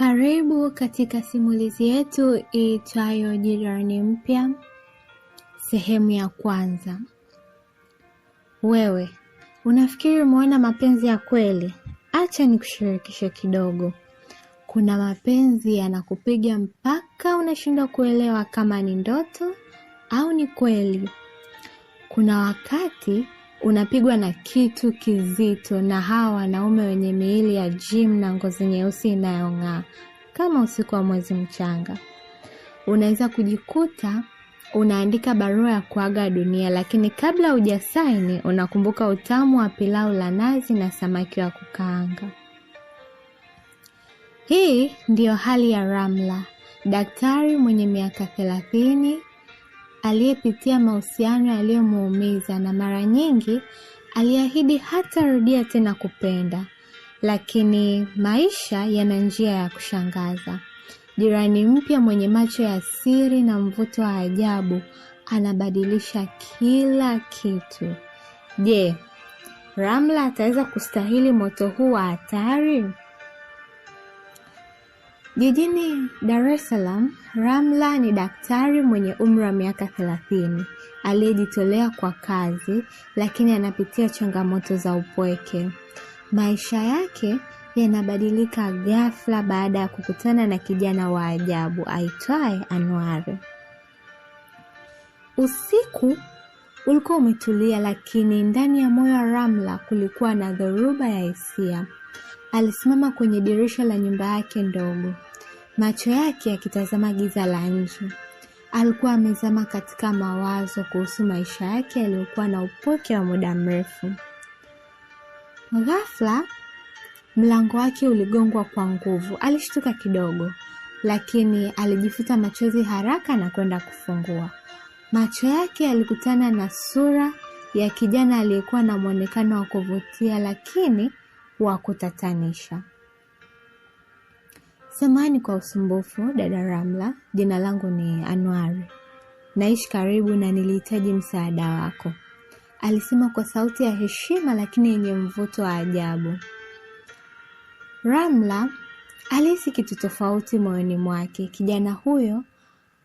Karibu katika simulizi yetu iitwayo Jirani Mpya, sehemu ya kwanza. Wewe unafikiri umeona mapenzi ya kweli? Acha nikushirikishe kidogo. Kuna mapenzi yanakupiga mpaka unashindwa kuelewa kama ni ndoto au ni kweli. Kuna wakati unapigwa na kitu kizito na hawa wanaume wenye miili ya jim na ngozi nyeusi inayong'aa kama usiku wa mwezi mchanga. Unaweza kujikuta unaandika barua ya kuaga dunia, lakini kabla hujasaini unakumbuka utamu wa pilau la nazi na samaki wa kukaanga. Hii ndiyo hali ya Ramla, daktari mwenye miaka thelathini aliyepitia mahusiano yaliyomuumiza na mara nyingi aliahidi hatarudia tena kupenda, lakini maisha yana njia ya kushangaza. Jirani mpya mwenye macho ya siri na mvuto wa ajabu anabadilisha kila kitu. Je, Ramla ataweza kustahili moto huu wa hatari? Jijini Dar es Salaam, Ramla ni daktari mwenye umri wa miaka thelathini aliyejitolea kwa kazi, lakini anapitia changamoto za upweke. Maisha yake yanabadilika ghafla baada ya kukutana na kijana wa ajabu aitwaye Anwari. Usiku ulikuwa umetulia, lakini ndani ya moyo wa Ramla kulikuwa na dhoruba ya hisia. Alisimama kwenye dirisha la nyumba yake ndogo macho yake yakitazama giza la nje. Alikuwa amezama katika mawazo kuhusu maisha yake yaliyokuwa na upweke wa muda mrefu. Ghafla mlango wake uligongwa kwa nguvu. Alishtuka kidogo, lakini alijifuta machozi haraka na kwenda kufungua. Macho yake yalikutana na sura ya kijana aliyekuwa na mwonekano wa kuvutia, lakini wa kutatanisha samani kwa usumbufu dada Ramla, jina langu ni Anwari, naishi karibu na nilihitaji msaada wako, alisema kwa sauti ya heshima lakini yenye mvuto wa ajabu. Ramla alihisi kitu tofauti moyoni mwake. Kijana huyo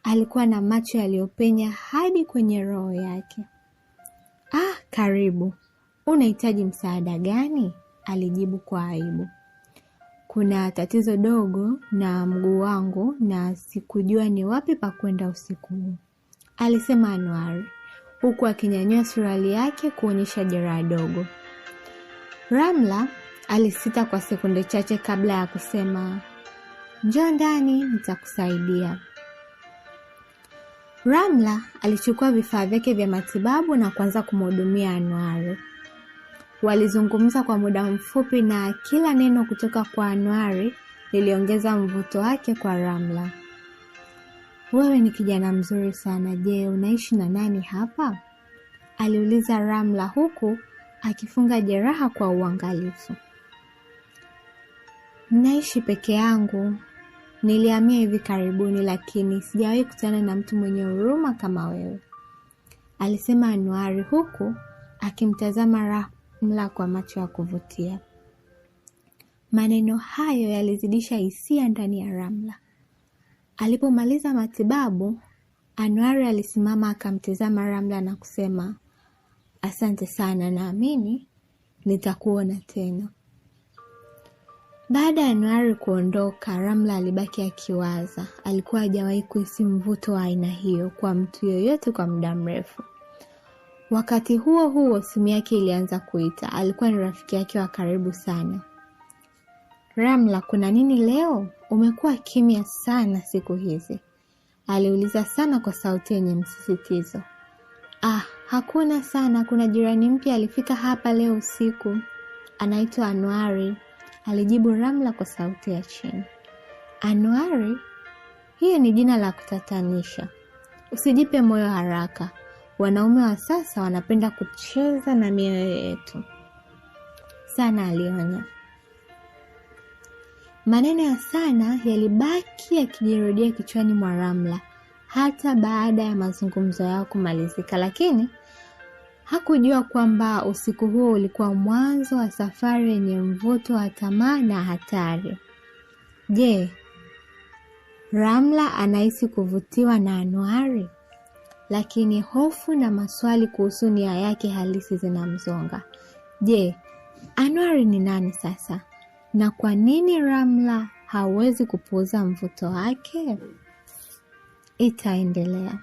alikuwa na macho yaliyopenya hadi kwenye roho yake. Ah, karibu. Unahitaji msaada gani? alijibu kwa aibu kuna tatizo dogo na mguu wangu na sikujua ni wapi pa kwenda usiku huu, alisema Anwar huku akinyanyua suruali yake kuonyesha jeraha dogo. Ramla alisita kwa sekunde chache kabla ya kusema, njoo ndani, nitakusaidia. Ramla alichukua vifaa vyake vya matibabu na kuanza kumhudumia Anwar. Walizungumza kwa muda mfupi na kila neno kutoka kwa anwari liliongeza mvuto wake kwa Ramla. Wewe ni kijana mzuri sana. Je, unaishi na nani hapa? aliuliza Ramla huku akifunga jeraha kwa uangalifu. Naishi peke yangu. Nilihamia hivi karibuni, lakini sijawahi kutana na mtu mwenye huruma kama wewe, alisema anwari huku akimtazama mla kwa macho ya kuvutia. Maneno hayo yalizidisha hisia ndani ya Ramla. Alipomaliza matibabu, Anwari alisimama akamtizama Ramla na kusema, asante sana, naamini nitakuona tena. Baada ya anwari kuondoka, Ramla alibaki akiwaza. Alikuwa hajawahi kuhisi mvuto wa aina hiyo kwa mtu yoyote kwa muda mrefu. Wakati huo huo simu yake ilianza kuita. Alikuwa ni rafiki yake wa karibu sana. Ramla, kuna nini leo? Umekuwa kimya sana siku hizi, aliuliza sana kwa sauti yenye msisitizo. Ah, hakuna sana. Kuna jirani mpya alifika hapa leo usiku, anaitwa Anuari, alijibu Ramla kwa sauti ya chini. Anuari? Hiyo ni jina la kutatanisha. Usijipe moyo haraka Wanaume wa sasa wanapenda kucheza na mioyo yetu sana, alionya. Maneno ya sana yalibaki yakijirudia kichwani mwa Ramla hata baada ya mazungumzo yao kumalizika, lakini hakujua kwamba usiku huo ulikuwa mwanzo wa safari yenye mvuto wa tamaa na hatari. Je, Ramla anahisi kuvutiwa na Anuari? lakini hofu na maswali kuhusu nia yake halisi zinamzonga. Je, anuari ni nani sasa, na kwa nini Ramla hawezi kupuuza mvuto wake? Itaendelea.